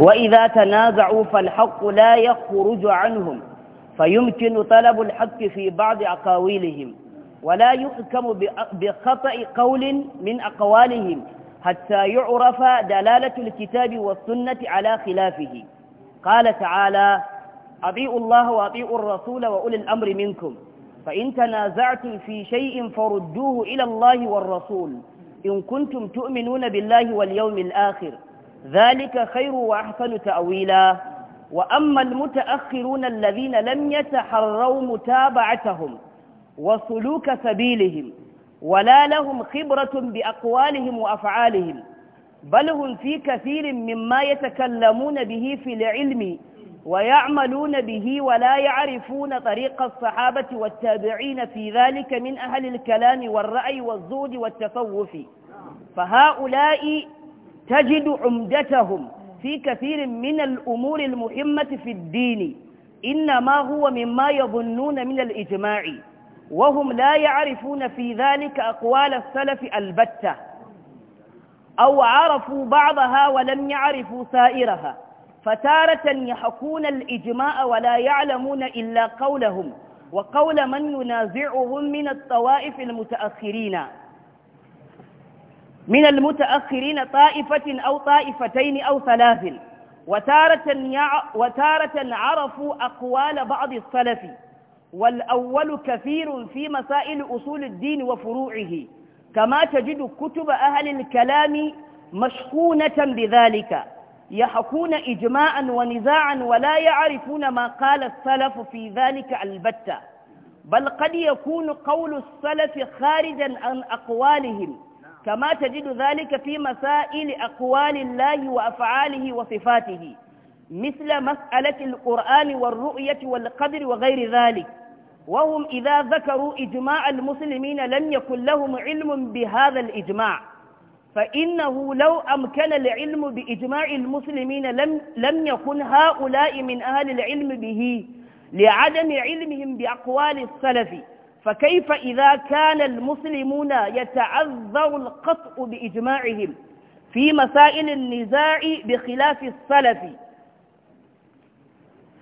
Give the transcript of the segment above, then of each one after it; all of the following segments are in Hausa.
وإذا تنازعوا فالحق لا يخرج عنهم فيمكن طلب الحق في بعض أقاويلهم ولا يحكم بخطأ قول من أقوالهم حتى يعرف دلالة الكتاب والسنة على خلافه قال تعالى أطيعوا الله وأطيعوا الرسول وأولي الأمر منكم فإن تنازعتم في شيء فردوه إلى الله والرسول إن كنتم تؤمنون بالله واليوم الآخر ذلك خير وأحسن تأويلا وأما المتأخرون الذين لم يتحروا متابعتهم وسلوك سبيلهم ولا لهم خبرة بأقوالهم وأفعالهم بل هم في كثير مما يتكلمون به في العلم ويعملون به ولا يعرفون طريق الصحابة والتابعين في ذلك من أهل الكلام والرأي والزهد والتصوف فهؤلاء تجد عمدتهم في كثير من الأمور المهمة في الدين إنما هو مما يظنون من الإجماع وهم لا يعرفون في ذلك أقوال السلف البتة أو عرفوا بعضها ولم يعرفوا سائرها فتارة يحكون الإجماع ولا يعلمون إلا قولهم وقول من ينازعهم من الطوائف المتأخرين من المتأخرين طائفة أو طائفتين أو ثلاث وتارة, وتارة عرفوا أقوال بعض السلف والأول كثير في مسائل أصول الدين وفروعه كما تجد كتب أهل الكلام مشحونة بذلك يحكون إجماعا ونزاعا ولا يعرفون ما قال السلف في ذلك البتة بل قد يكون قول السلف خارجا عن أقوالهم كما تجد ذلك في مسائل أقوال الله وأفعاله وصفاته مثل مسألة القرآن والرؤية والقدر وغير ذلك وهم إذا ذكروا إجماع المسلمين لم يكن لهم علم بهذا الإجماع فإنه لو أمكن العلم بإجماع المسلمين لم, لم يكن هؤلاء من أهل العلم به لعدم علمهم بأقوال السلف فكيف إذا كان المسلمون يتعذر القطع بإجماعهم في مسائل النزاع بخلاف السلف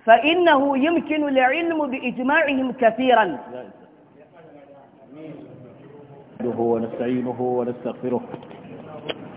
فإنه يمكن العلم بإجماعهم كثيرا ونستعينه ونستغفره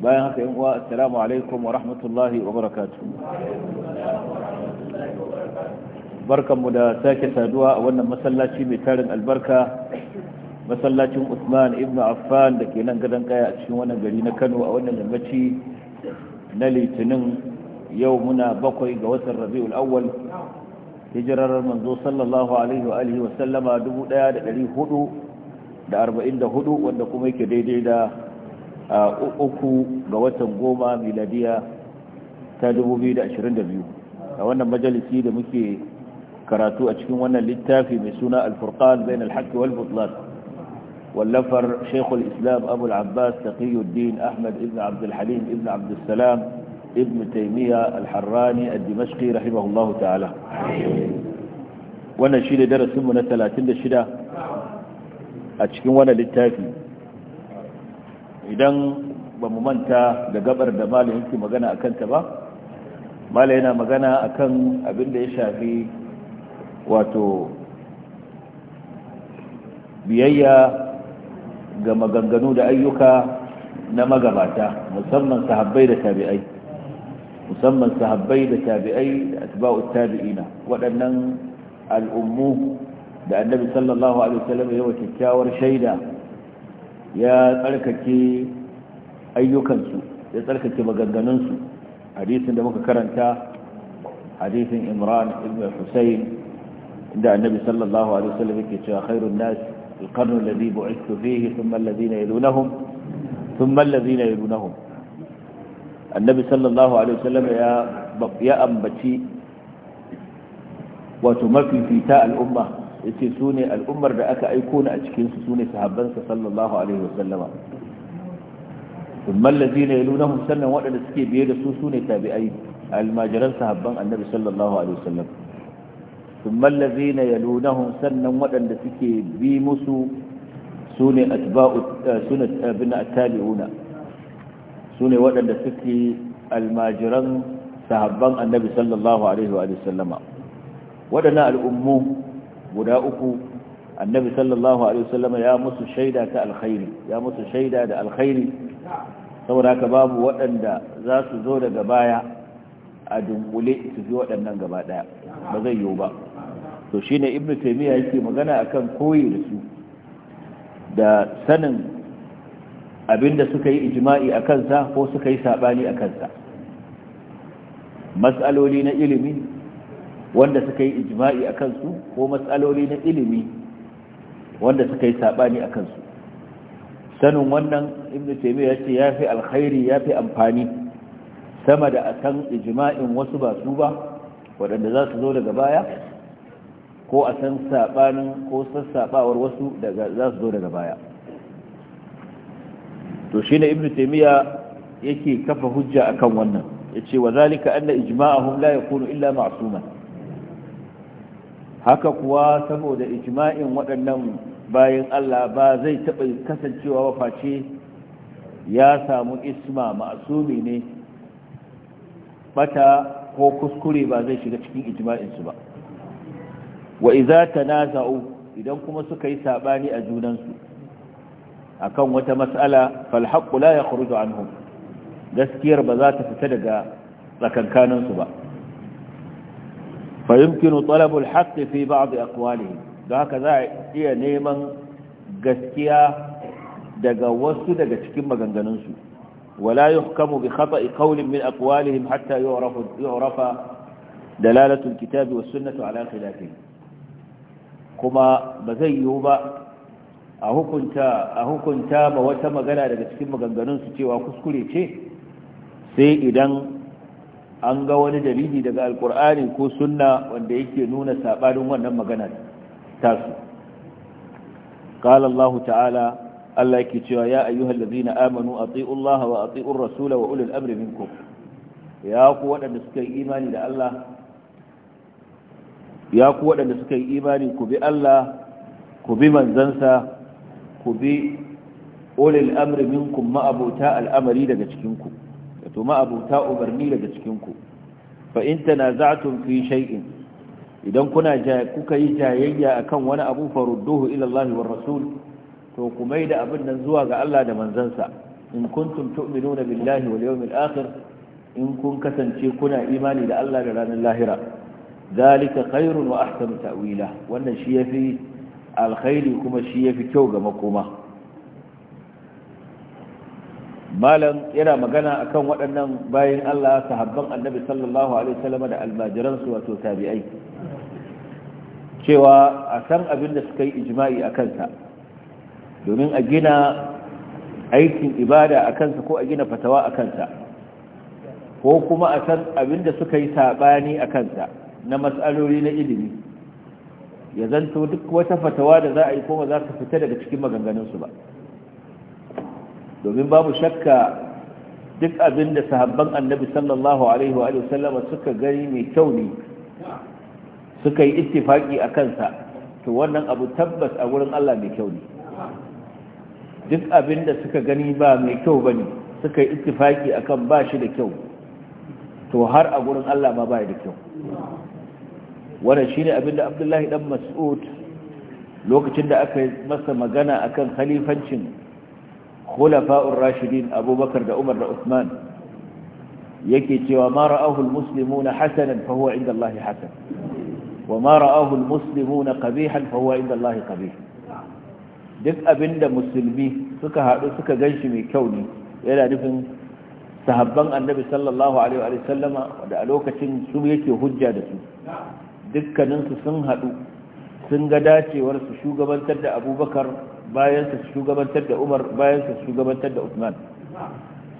bayan haka yin uwa assalamu alaikum wa rahmatullahi wa barakatuh barkanmu da sake saduwa a wannan masallaci mai tarin albarka masallacin Usman ibn Affan da ke nan gadon kaya a cikin wannan gari na Kano a wannan yammaci na Litinin yau muna bakwai ga watan Rabiul Awwal hijirar manzo sallallahu alaihi wa alihi wa sallama 1444 wanda kuma yake daidai da uku ga watan goma miladiya ta 2022 a wannan majalisi da muke karatu a cikin wannan littafi mai suna alfurkan bayan alhaki wal butlan wallafar shekul islam abu al-abbas taqiyuddin ahmad ibn abd al ibn abd salam ibn taimiyya alharrani a dimashki dimashqi rahimahullahu ta'ala wannan shi ne darasinmu na 36 a cikin wannan littafi idan ba mu manta da gabar da malam yake magana a kanta ba malam yana magana a kan abin da ya shafi wato biyayya ga maganganu da ayyuka na magabata musamman sahabbai da tabi'ai musamman sahabbai da tabi'ai da tabi'ina waɗannan al'ummu da annabi sallallahu alaihi wasallam ya wa kyakkyawar shaida ya tsarkake ayyukansu ya tsarkake maganganunsu hadisin da muka karanta hadisin imran ibn husayn inda annabi sallallahu alaihi wasallam yake cewa khairun nas القرن الذي بعثت فيه ثم الذين يلونهم ثم الذين يلونهم النبي صلى الله عليه وسلم يا يا امبتي وتمكن في تاء الامه yace su ne al'ummar da aka aiko ni a cikinsu su sune sahabbansa sallallahu alaihi wasallama thumma allazina yalunahum sannan waɗanda suke biye da su sune tabi'ai almajiran sahabban annabi sallallahu alaihi wasallam thumma allazina yalunahum sannan waɗanda suke bi musu su ne sunat ibn at-tabi'una sune eh, wadanda suke almajiran sahabban annabi sallallahu alaihi wa sallama wadannan al'ummu guda uku annabi sallallahu alaihi wasallam ya musu shaida ta alkhairi ya musu shaida da alkhairi saboda haka babu waɗanda za su zo daga baya a dunkule su fi waɗannan gaba ɗaya ba zai yiwu ba to shine ibnu Taimiyya yake magana akan koyi da su da sanin abinda suka yi ijima'i a kansa ko suka yi saɓani a kansa Matsaloli na ilimi wanda suka yi ijma'i a kansu ko matsaloli na ilimi wanda suka yi saɓani a kansu sanin wannan ibn taimiyya ya ce ya fi alkhairi ya fi amfani sama da a san ijma'in wasu ba su ba waɗanda za su zo daga baya ko a san saɓanin ko sassaɓawar wasu za su zo daga baya to shi ne ibn taimiyya yake kafa hujja akan wannan ya ce wa zalika an da ijma'ahum la ya illa ma'asuman haka kuwa saboda ijma'in waɗannan bayan Allah ba zai taɓa kasancewa face ya samu isma ma'asumi ne bata ko kuskure ba zai shiga cikin su ba wa iza tanaza'u idan kuma suka yi saɓani a junansu akan wata mas'ala fal haqqu la yakhruju anhum gaskiyar ba za ta fita daga tsakankaninsu ba فيمكن طلب الحق في بعض أقوالهم ذاك ذا نيما قسكيا دقا وسو دقا ولا يحكم بخطأ قول من أقوالهم حتى يعرف, يعرف دلالة الكتاب والسنة على خلافهم كما بزيوبا أهو كنت ma wata magana daga cikin maganganunsu cewa kuskure ce sai idan an ga wani dalili daga alkur'ani ko sunna wanda yake nuna sabanin wannan magana ta su Allah ta'ala Allah yake cewa ya ayyuhallazina amanu atiiu Allah wa atiiu ar-rasula wa ulul amri minkum ya ku waɗanda suka yi imani da Allah ya ku waɗanda suka yi imani ku bi Allah ku bi manzansa ku bi ulil amri minkum ma abuta al'amari daga cikinku ku wato ma'abuta umarni daga cikinku fa in tanaza'tum fi shay'in idan kuna kuka yi jayayya akan wani abu farudduhu ila Allah rasul to ku da abin nan zuwa ga Allah da manzansa in kuntum tu'minuna billahi wal yawmil akhir in kun kasance kuna imani da Allah da ranar lahira zalika khairun wa ahsanu ta'wila wannan shi yafi alkhairi kuma shi yafi kyau ga makoma malam yana magana akan waɗannan bayan Allah sahabban annabi sallallahu alaihi wasallam da almajiransu wato tabi'ai cewa a san abin da suka yi ijma'i a kansa domin a gina aikin ibada a kansa ko a gina fatawa a kansa ko kuma a san abin da suka yi saɓani a kansa na matsaloli na ilimi ya zanto duk wata fatawa da za a yi kuma za ta fita daga cikin maganganunsu ba domin babu shakka duk abin da sahabban annabi sallallahu alaihi wa sallama suka gani mai kyau ne suka yi ittifaki a kansa to wannan abu tabbas a wurin Allah mai kyau ne duk abin da suka gani ba mai kyau ba ne suka yi ittifaki a kan ba shi da kyau to har a wurin Allah ma ba da kyau wannan shi ne abin da abdullahi dan mas'ud lokacin da aka masa magana akan khalifancin khulafa'ur rashidin abubakar da umar da usman yake cewa ma ra'ahu almuslimuna hasanan fa huwa inda Allah hasan wa ma ra'ahu almuslimuna qabihan fa huwa inda Allah qabih duk abinda musulmi suka hadu suka ganshi mai kyau ne yana nufin sahabban annabi sallallahu alaihi wa sallama da a lokacin su yake hujja da su dukkaninsu sun hadu sun ga dacewar su shugabantar da abubakar bayan su shugabantar da Umar bayan su shugabantar da Uthman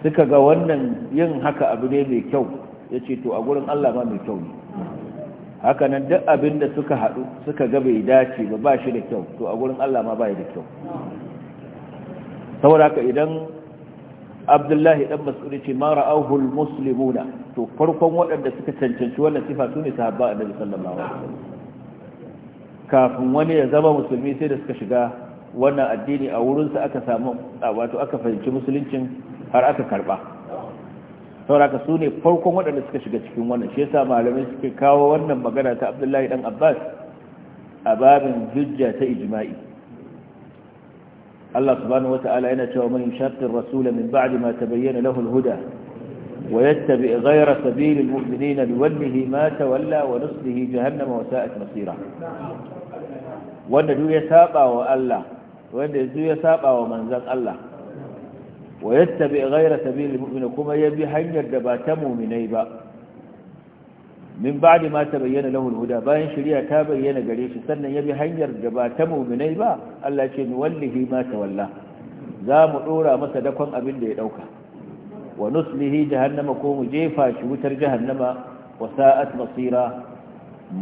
suka ga wannan yin haka abu ne mai kyau yace to a gurin Allah ma mai kyau ne haka nan duk abin da suka haɗu suka ga bai dace ba ba shi da kyau to a gurin Allah ma bai da kyau saboda haka idan abdullahi dan masudi ce ma ra'ahu muslimuna to farkon waɗanda suka cancanci wannan sifa su ne sahabba annabi sallallahu alaihi wasallam kafin wani ya zama musulmi sai da suka shiga wannan addini a wurinsa aka samu wato aka fahimci musuluncin har aka karba sauraka su ne farkon waɗanda suka shiga cikin wannan shi yasa malamai suke kawo wannan magana ta abdullahi dan abbas a babin hujja ta ijma'i Allah subhanahu wata'ala yana cewa man yushaqqir rasula min ba'di ma tabayyana lahu al-huda ويتبع غير سبيل المؤمنين لوله wa تولى ونصله جهنم وساءت masira. wanda duk ya saba wa Allah wanda yanzu ya saba wa manzon Allah wa yattabi ghayra sabilil mu'min kuma ya bi hanyar da ba ta mu'minai ba min ba'di ma tabayyana bayyana al-huda bayan shirya ta bayyana gare shi sannan ya bi hanyar da ba ta mu'minai ba Allah ce ni wallahi ma tawalla za mu dora masa dakon abin da ya dauka wa nuslihi jahannama ko mu jefa shi wutar jahannama wa sa'at masira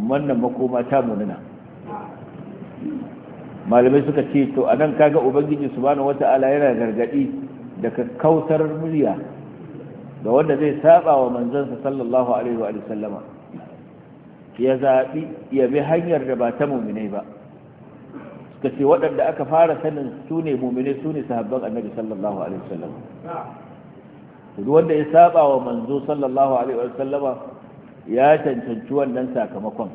wannan makoma ta munana malamai suka ce to a nan kaga ubangiji subhanahu wata'ala yana gargadi da kautar murya da wanda zai saba wa manzansa sallallahu alaihi wa sallama ya zabi ya bi hanyar da ba ta mu'minai ba suka ce waɗanda aka fara sanin su ne mu'minai su ne sahabban annabi sallallahu alaihi wa sallama duk wanda ya saba wa manzo sallallahu alaihi wa sallama ya cancanci wannan sakamakon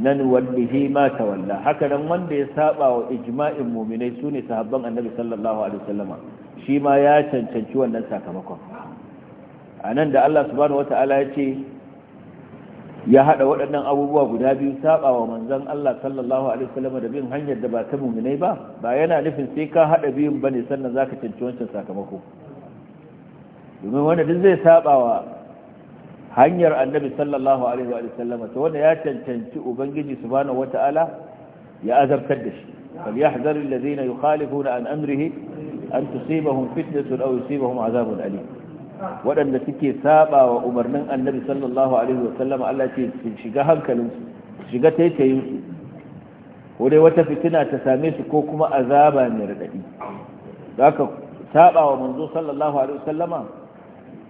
nan wallahi ma tawalla haka nan wanda ya saba wa ijma'in mu'minai sune sahabban annabi sallallahu alaihi wasallama shi ma ya cancanci wannan sakamakon anan da Allah subhanahu wataala ya ce ya hada waɗannan abubuwa guda biyu saba wa manzon Allah sallallahu alaihi wasallama da bin hanyar da ba ta mu'minai ba ba yana nufin sai ka hada biyun bane sannan zaka cancanci wancan sakamako domin wanda duk zai saba wa hanyar annabi sallallahu alaihi wa sallama ta wanda ya cancanci ubangiji subhanahu wata'ala ya azabtar da shi fal yahzaru allazina yukhalifuna an amrihi an tusibahum fitnatun aw yusibahum azabun alim wadanda suke saba wa umarnin annabi sallallahu alaihi wa sallama Allah ce su shiga hankalinsu shiga taitayinsu ko dai wata fitina ta same su ko kuma azaba mai radadi haka saba wa manzo sallallahu alaihi wa sallama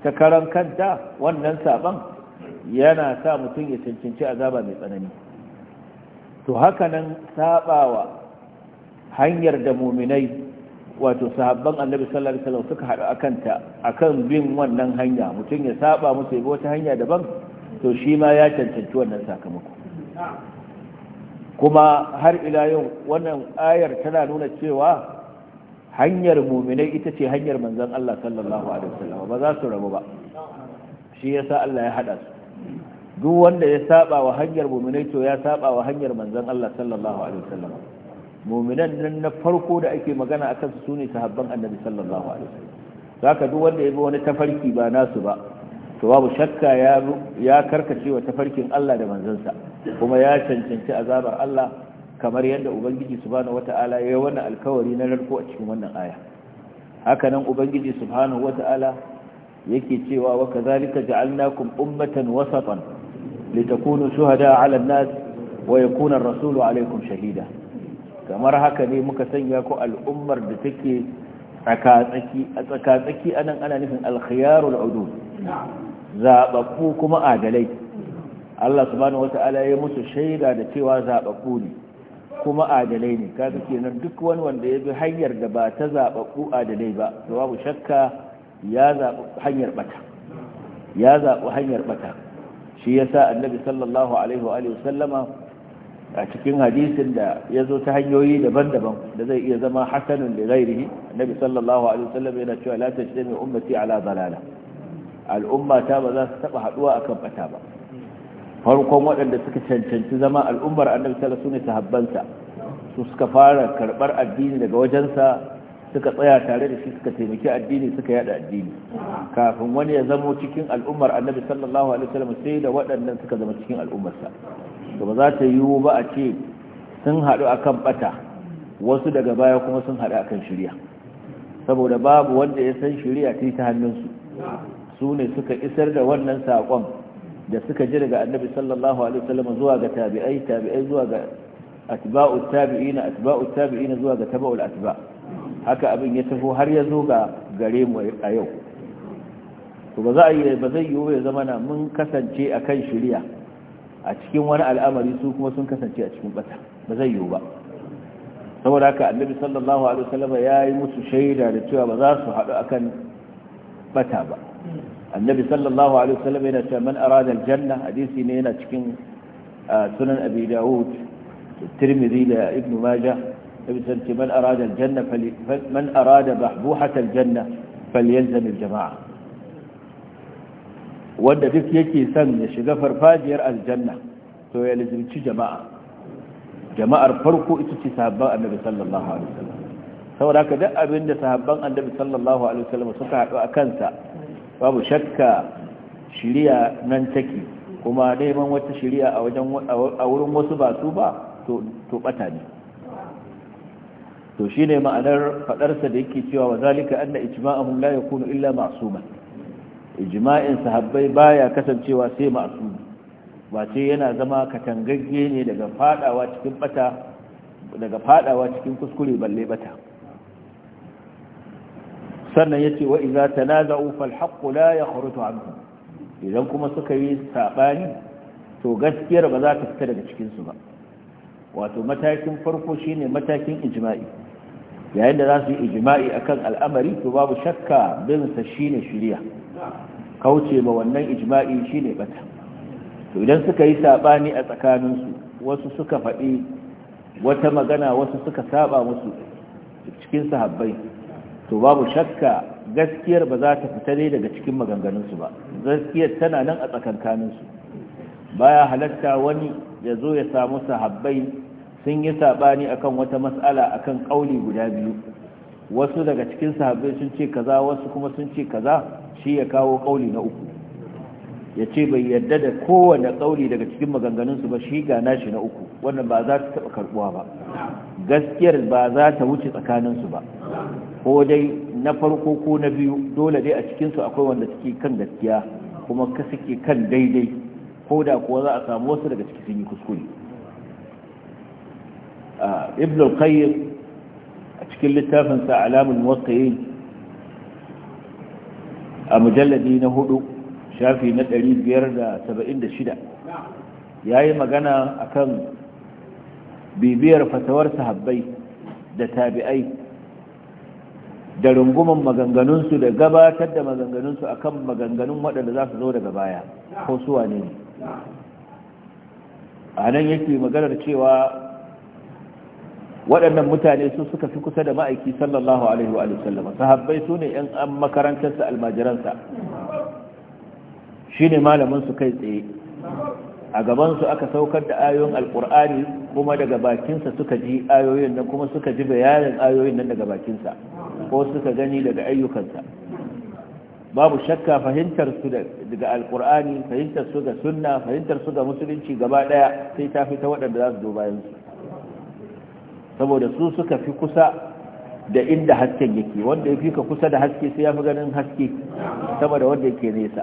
ta karan kanta wannan saban yana sa mutum ya cancanci azaba mai tsanani to haka nan sabawa hanyar da muminai wato sahabban annabi sallallahu alaihi wasallam suka haɗu akanta akan bin wannan hanya mutum ya saba musu ya wata hanya daban to shi ma ya cancanci wannan sakamako kuma har ila yau wannan ayar tana nuna cewa hanyar muminai ita ce hanyar manzan Allah sallallahu alaihi wasallam ba za su rabu ba shi ya sa Allah ya hada su duk wanda ya saba wa hanyar muminai to ya saba wa hanyar manzan Allah sallallahu alaihi wasallam muminan nan na farko da ake magana a kansu su ne sahabban annabi sallallahu alaihi wasallam zaka duk wanda ya bi wani tafarki ba nasu ba to babu shakka ya ya karkace wa tafarkin Allah da manzansa kuma ya cancanci azabar Allah kamar yadda ubangiji subhanahu wata'ala ya wani alkawari na rarko a cikin wannan aya haka nan ubangiji subhanahu wata'ala yake cewa wa kazalika ja'alnakum ummatan wasatan litakunu shuhada 'ala an-nas wa yakuna ar-rasulu 'alaykum shahida kamar haka ne muka sanya ku al'ummar da take tsakatsaki a tsakatsaki anan ana nufin al-khiyarul udul zababbu kuma adalai Allah subhanahu wata'ala ya musu shaida da cewa zababbu ne kuma adalai ne ka kaga kenan duk wani wanda ya bi hanyar da ba ta zaɓaɓɓu adalai ba to babu shakka ya zaɓi hanyar ɓata ya zaɓi hanyar ɓata, shi ya sa annabi sallallahu alaihi wa alihi sallama a cikin hadisin da ya zo ta hanyoyi daban-daban da zai iya zama hasanun da gairihi annabi sallallahu alaihi wa sallam yana cewa la tajtami ummati ala dalala al'umma ta ba za su taba haduwa akan ɓata ba farkon waɗanda suka cancanci zama al'ummar annabi sallallahu su ne sahabbansa su suka fara karɓar addini daga wajensa suka tsaya tare da shi suka taimaki addini suka yada addini kafin wani ya zamo cikin al'ummar annabi sallallahu alaihi wasallam sai da waɗannan suka zama cikin al'ummarsa to ba za ta yiwu ba a ce sun haɗu akan bata wasu daga baya kuma sun haɗu akan shirya saboda babu wanda ya san shirya ta ta hannunsu su ne suka isar da wannan saƙon da suka ji daga annabi sallallahu alaihi wasallam zuwa ga tabi'ai tabi'ai zuwa ga atba'u tabi'ina atba'u tabi'ina zuwa ga tabi'ul atba haka abin ya tafi har ya zo ga gare mu a yau to ba za a yi ba zai yiwu ya zama na mun kasance a kan shirya a cikin wani al'amari su kuma sun kasance a cikin bata ba zai yiwu ba saboda haka annabi sallallahu alaihi wasallam ya yi musu shaida da cewa ba za su haɗu akan bata ba annabi sallallahu alaihi wasallam yana cewa man arada aljanna hadisi ne yana cikin sunan abi daud tirmidhi da ibnu majah nabi sallallahu man arada aljanna man arada bahbuhat aljanna falyalzam aljamaa wanda duk yake son ya shiga farfajiyar aljanna to ya lazimci jama'a jama'ar farko ita ce sahabban annabi sallallahu alaihi wasallam saboda haka duk abin da sahabban annabi sallallahu alaihi wasallam suka haɗu a kansa babu shakka shiriya nan take kuma neman wata shiriya a wurin wasu ba su ba to bata ne to shine ma'anar fadarsa da yake cewa wa zalika anna ijma'ahum la yakunu illa ma'suman ijma'in sahabbai baya kasancewa sai ma'sum ba ce yana zama katangagge ne daga fadawa cikin cikin kuskure balle bata sannan yace wa idza tanaza'u fal haqqu la yakhruju anhum idan kuma suka yi sabani to gaskiyar ba za ta fita daga cikin su ba wato matakin farko shine matakin ijma'i yayin da za su yi ijma'i akan al'amari to babu shakka bin sa shine shiriya kauce ba wannan ijma'i shine bata to idan suka yi sabani a tsakaninsu wasu suka faɗi wata magana wasu suka saba musu cikin sahabbai to babu shakka gaskiyar ba za ta fita dai daga cikin maganganunsu ba gaskiyar tana nan a tsakankaninsu baya halatta wani ya zo ya samu sahabbai sun yi saɓani akan wata mas'ala akan kauli guda biyu wasu daga cikin sahabbai sun ce kaza wasu kuma sun ce kaza shi ya kawo kauli na uku ya ce bai yarda da kowane kauli daga cikin maganganunsu ba shi ga nashi na uku wannan ba za ta taɓa karɓuwa ba gaskiyar ba za ta wuce tsakaninsu ba ko dai na farko ko na biyu dole dai a cikinsu akwai wanda suke kan gaskiya kuma ka suke kan daidai ko da kuwa za a samu wasu daga cikin sun yi kuskure ibn al-qayyim a cikin littafin sa alamul muwaqqi'in a mujalladi na hudu shafi na 576 ya yi magana akan bibiyar fatawar sahabbai da tabi'ai da runguman maganganunsu da gabatar da maganganunsu akan maganganun waɗanda za su zo daga baya ko suwa ne a nan yake maganar cewa waɗannan mutane su suka fi kusa da ma'aiki sallallahu alaihi wa sallam sahabbai su ne yan an makarantarsa almajiransa shi ne malaminsu kai tsaye a gabansu aka saukar da ayoyin alkur'ani kuma daga bakinsa suka ji ayoyin nan kuma suka ji bayanin ayoyin nan daga bakinsa ko suka gani daga ayyukansa babu shakka fahimtar su daga alkur'ani fahimtar su ga sunna fahimtar su ga musulunci gaba daya sai ta fi ta waɗanda za su zo bayan su saboda su suka fi kusa da inda hasken yake wanda ya fi ka kusa da haske sai ya fi ganin haske sama da wanda yake nesa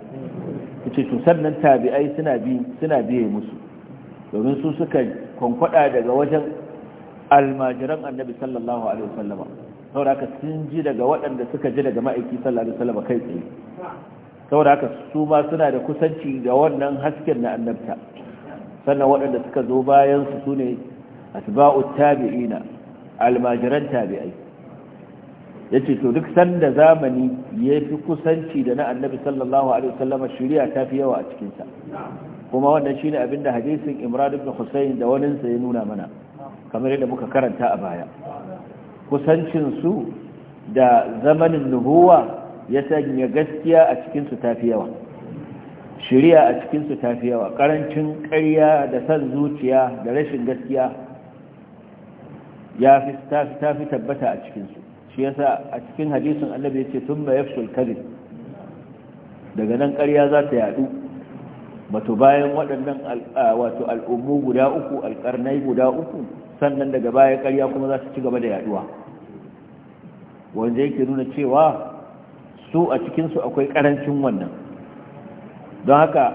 ce to sannan tabi'ai suna bi suna biye musu domin su suka kwankwada daga wajen almajiran annabi sallallahu alaihi wasallama saboda haka sun ji daga waɗanda suka ji daga ma'aiki sallallahu alaihi wasallam kai tsaye saboda haka su ma suna da kusanci ga wannan hasken na annabta sannan waɗanda suka zo bayan su sune asba'u tabi'ina almajiran tabi'ai yace to duk sanda zamani yafi kusanci da na annabi sallallahu alaihi wasallam shari'a ta fi yawa a cikinsa kuma wannan shine abinda hadisin Imran ibn Husayn da waninsa ya nuna mana kamar yadda muka karanta a baya kusancinsu da zamanin nubuwa ya sanya gaskiya a cikinsu tafi yawa shirya a cikinsu tafi yawa Karancin ƙarya da san zuciya da rashin gaskiya ya fi tafi tabbata a cikinsu shi yasa a cikin hadisin annabi ya ce tun ma yafsul daga nan ƙarya za ta yadu wato bayan waɗannan wato al'ummu guda uku alƙarnai guda uku sannan daga baya ƙarya kuma za su ci gaba da yaduwa wanda yake nuna cewa su a cikinsu akwai ƙarancin wannan don haka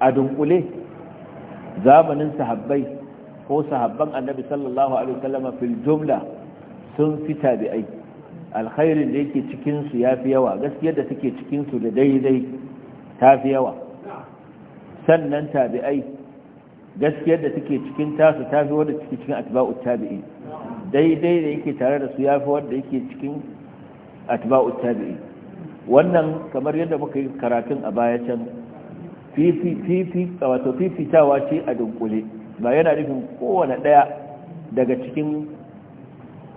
a dunkule zamanin sahabbai ko sahabban annabi sallallahu alaihi wasallam fil jumla sun fi tabi'ai alkhairin da yake cikinsu ya fi yawa gaskiyar da take cikinsu da daidai ta fi yawa sannan tabi'ai gaskiyar da take cikin tasu ta fi wadda take cikin atba'ut tabi'i daidai da yake tare da su ya fi wadda yake cikin atba'ut tabi'i wannan kamar yadda muka yi karatun a baya can wato fifitawa ce a dunkule ba yana nufin kowane ɗaya daga cikin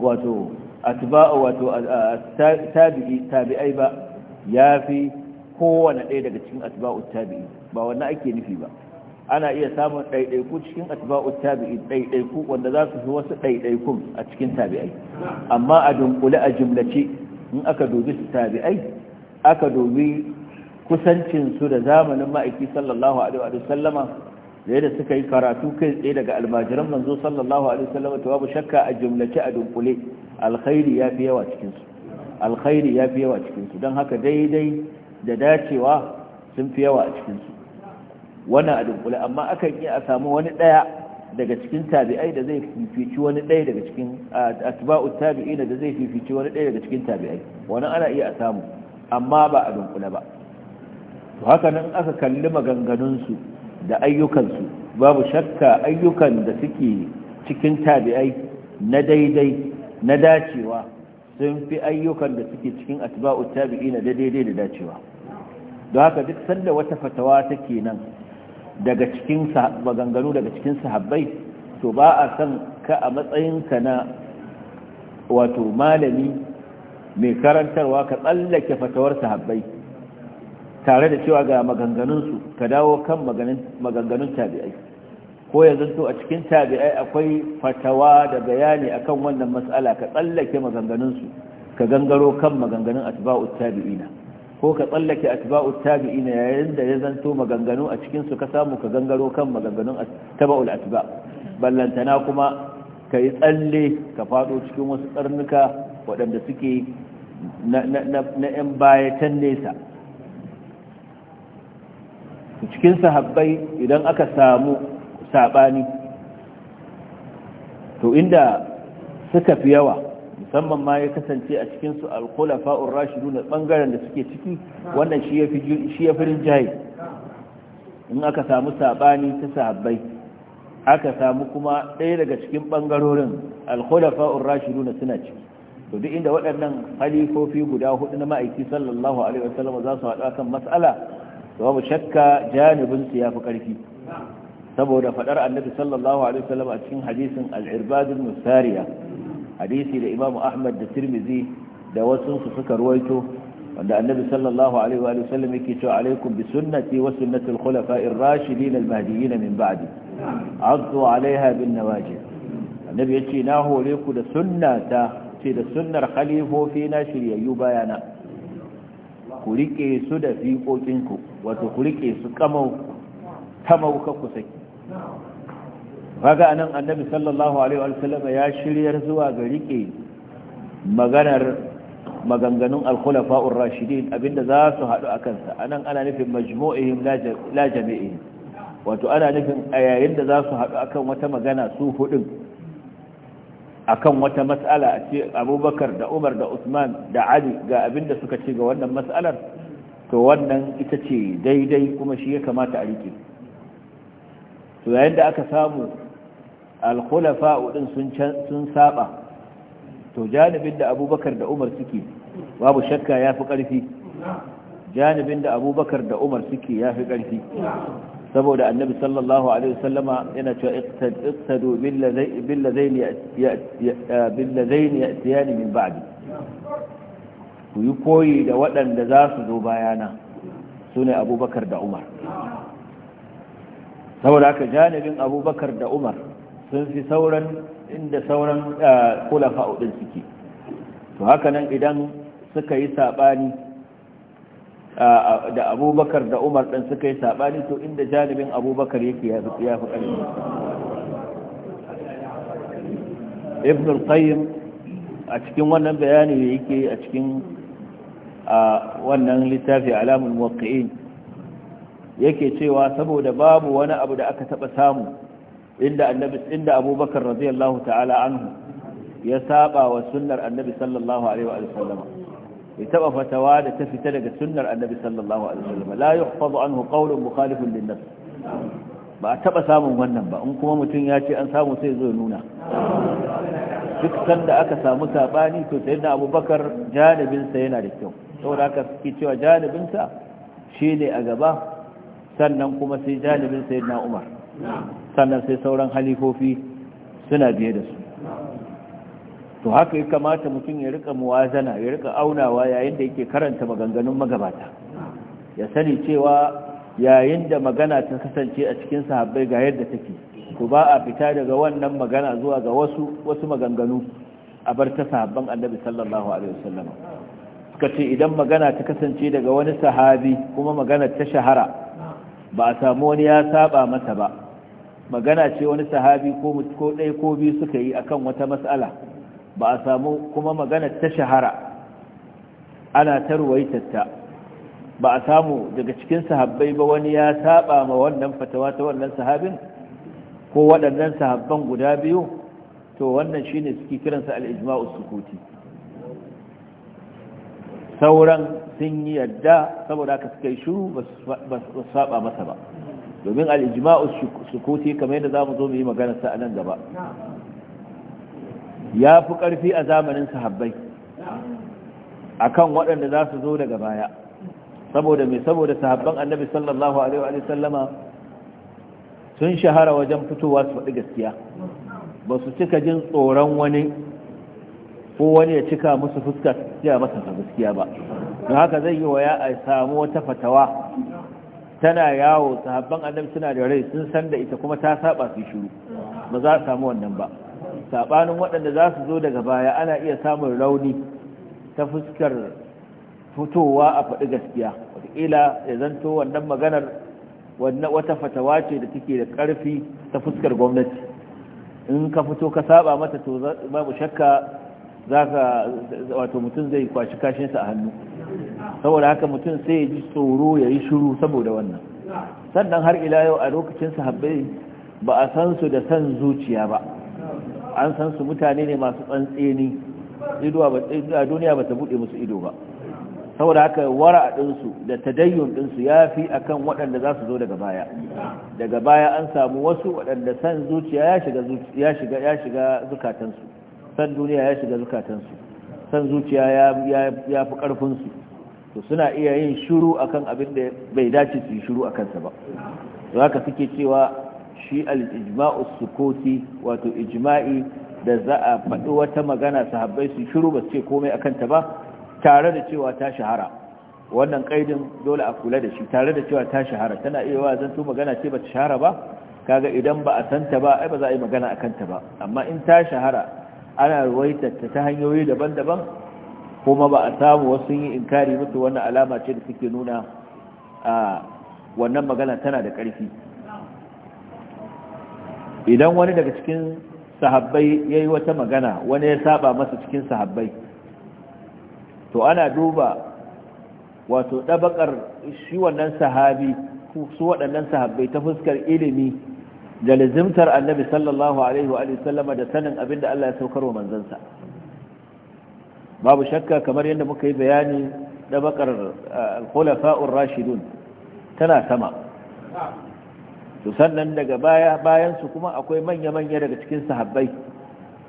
wato atba'u wato tabi'i tabi'ai ba ya fi kowane ɗaya daga cikin atba'u tabi'i ba wannan ake nufi ba ana iya samun ɗaiɗaiku cikin atba'ut tabi'i ɗaiɗaiku wanda za su fi wasu ɗaiɗaikun a cikin tabi'ai amma a dunkule a jimlace in aka dubi su tabi'ai aka dubi kusancinsu da zamanin ma'aiki sallallahu alaihi wa sallama da suka yi karatu kai tsaye daga almajiran manzo sallallahu alaihi sallama to babu shakka a jimlace a dunkule alkhairi ya fi yawa cikin su alkhairi ya fi yawa cikin su don haka daidai da dacewa sun fi yawa a cikinsu. Wani a dunkule amma akan yi a samu wani ɗaya daga cikin tabi'ai da zai fifici wani ɗaya daga cikin atba'u tabi'ina da zai fifici wani ɗaya daga cikin tabi'ai wani ana iya a samu amma ba a dunkule ba to haka nan aka kalli maganganunsu da ayyukansu babu shakka ayyukan da suke cikin tabi'ai na daidai na dacewa sun fi ayyukan da suke cikin atba'u tabi'ina da daidai da dacewa don haka duk sanda wata fatawa take nan daga cikin maganganu daga cikin sahabbai to ba a san ka a matsayinka na wato malami mai karantarwa ka tsallake fatawar sahabbai tare da cewa ga maganganunsu ka dawo kan maganganun tabi'ai ko yanzu to a cikin tabi'ai akwai fatawa da bayani akan wannan matsala ka tsallake maganganunsu ka gangaro kan maganganun atba'ut tabi'ina ko ka tsallake atba'u tabi'ina yayin da ya zanto maganganu a cikinsu su ka samu ka gangaro kan maganganun ul-atiba? ballantana kuma ka yi tsalle ka fado cikin wasu tsarnuka waɗanda suke na 'yan baya can nesa cikin sahabbai idan aka samu saɓani to inda suka fi yawa musamman ma ya kasance a cikinsu su al-khulafa'ur bangaren da suke ciki wannan shi ya shi yafi rinjaye in aka samu sabani ta sabai aka samu kuma ɗaya daga cikin bangarorin al-khulafa'ur rashidun suna ciki to duk inda waɗannan halifofi guda hudu na ma'aiki sallallahu alaihi wasallam za su haɗa kan mas'ala to babu shakka janibin su yafi ƙarfi saboda faɗar annabi sallallahu alaihi wasallam a cikin hadisin al-irbad al-musariya hadisi da imamu ahmad da tirmizi da wasu su suka ruwaito wanda annabi sallallahu alaihi wa sallam yake cewa alaikum bi sunnati wa sunnati al-khulafa'ir rashidin al-mahdiyyin min ba'di azdu 'alayha bin nawajib annabi yace na hore ku da sunnata ce da sunnar khalifofi na shiryayyu bayana ku rike su da fiƙoƙinku wato ku rike su kamau kamau ka ku saki kaga anan annabi sallallahu alaihi wa sallam ya shiryar zuwa ga rike maganar maganganun al-khulafa'ur rashidin abinda za su hadu akan sa anan ana nufin majmu'ihim la jami'ihim wato ana nufin a yayin da za su hadu akan wata magana su hudun akan wata mas'ala a ce abubakar da umar da usman da ali ga abinda suka ce ga wannan mas'alar to wannan ita ce daidai kuma shi ya kamata a rike to yayin da aka samu al-khulafa'u din sun sun saba to janibin da abubakar da umar suke babu shakka ya fi ƙarfi janibin da abubakar da umar suke ya fi ƙarfi saboda annabi sallallahu alaihi wasallama yana cewa iqtadu billazaini ya'tiyani min ba'di ku yi koyi da waɗanda za su zo bayana su ne abubakar da umar saboda haka janibin abubakar da umar sun fi sauran inda sauran eh, kulafa fa'udin suke to haka idan suka yi saɓani eh, da abubakar da umar ɗin suka yi saɓani to inda janibin abubakar yake ya fi ƙarfi ibn al-qayyim a cikin wannan bayani da yake a cikin wannan littafi alamun waƙi'in yake cewa saboda babu wani abu da aka taɓa samu inda abubakar radiyallahu ta'ala anhu ya saba wa sunar annabi sallallahu alaihi wa ya taba fatawa da ta fita daga sunar annabi sallallahu alaihi wa sallam la anhu ƙaunin mukhalifun lin ba a taba samun wannan ba in kuma mutum ya ce an samu sai zo nuna duk sanda aka samu sabani to sayyidina abubakar janibinsa yana da kyau saboda aka suke cewa janibinsa shine a gaba sannan kuma sai janibinsa yana umar sannan sai sauran halifofi suna biye da su to haka ya kamata mutum ya rika muwazana ya rika aunawa yayin da yake karanta maganganun magabata ya sani cewa yayin da magana ta kasance a cikin sahabbai ga yadda take to ba a fita daga wannan magana zuwa ga wasu wasu maganganu a bar ta sahabban annabi sallallahu alaihi wasallam suka ce idan magana ta kasance daga wani sahabi kuma magana ta shahara ba a samu wani ya saba masa ba magana ce wani sahabi ko ko ɗaya ko biyu suka yi akan wata mas'ala ba a samu kuma magana ta shahara ana tarwaitatta ba a samu daga cikin sahabbai ba wani ya saba ma wannan fatawa ta wannan sahabin ko waɗannan sahabban guda biyu to wannan shine suke kiransa al-ijma'u sukuti sauran sun yi yadda saboda haka suka yi shiru ba su saba masa ba domin al sukuti kamar yadda zamu zo mu yi magana sa nan gaba ya fi karfi a zamanin sahabbai akan waɗanda za su zo daga baya saboda mai saboda sahabban annabi sallallahu alaihi sallama sun shahara wajen fitowa su faɗi gaskiya ba su cika jin tsoron wani ko wani ya cika musu fuska ya masa gaskiya ba don haka zai yi waya a samu wata fatawa tana yawo sahabban annabi suna da rai sun san da ita kuma ta saba su shiru ba za samu wannan ba sabanin waɗanda za su zo daga baya ana iya samun rauni ta fuskar fitowa a faɗi gaskiya wataƙila ya zanto wannan maganar wata fatawa ce da take da ƙarfi ta fuskar gwamnati in ka fito ka saba mata to babu shakka za ka wato mutum zai kwashi kashinsa a hannu saboda haka mutum sai ya ji tsoro ya yi shuru saboda wannan sannan har ila yau a lokacin sahabbai ba a san su da san zuciya ba an san su mutane ne masu tsantseni a duniya ba ta buɗe musu ido ba saboda haka wara ɗinsu da tadayyun ɗinsu ya fi akan waɗanda za su zo daga baya daga baya an samu wasu waɗanda san zuciya ya shiga ya shiga zukatansu san duniya ya shiga zukatansu san zuciya ya fi ƙarfinsu to suna iya yin shiru akan abin da bai dace su yi shiru a kansa ba to haka suke cewa shi al-ijma'u sukuti wato ijma'i da za a faɗi wata magana sahabbai su shiru ba su ce komai akan ba tare da cewa ta shahara wannan kaidin dole a kula da shi tare da cewa ta shahara tana iya wa zanto magana ce ba ta shahara ba kaga idan ba a santa ba ai ba za a yi magana akanta ba amma in ta shahara ana ruwaita ta hanyoyi daban-daban kuma ba a samu wasu yi inkari mutu wannan alama ce da suke nuna a wannan magana tana da ƙarfi idan wani daga cikin sahabbai ya yi wata magana wani ya saba masa cikin sahabbai to ana duba wato ɗabakar shi wannan sahabi su waɗannan sahabbai ta fuskar ilimi da lizimtar annabi sallallahu alaihi wa sallama da sanin abin da Allah ya saukar wa manzansa babu shakka kamar yadda muka yi bayani da bakar al-khulafa'ur rashidun tana sama to sannan daga baya bayan su kuma akwai manya-manya daga cikin sahabbai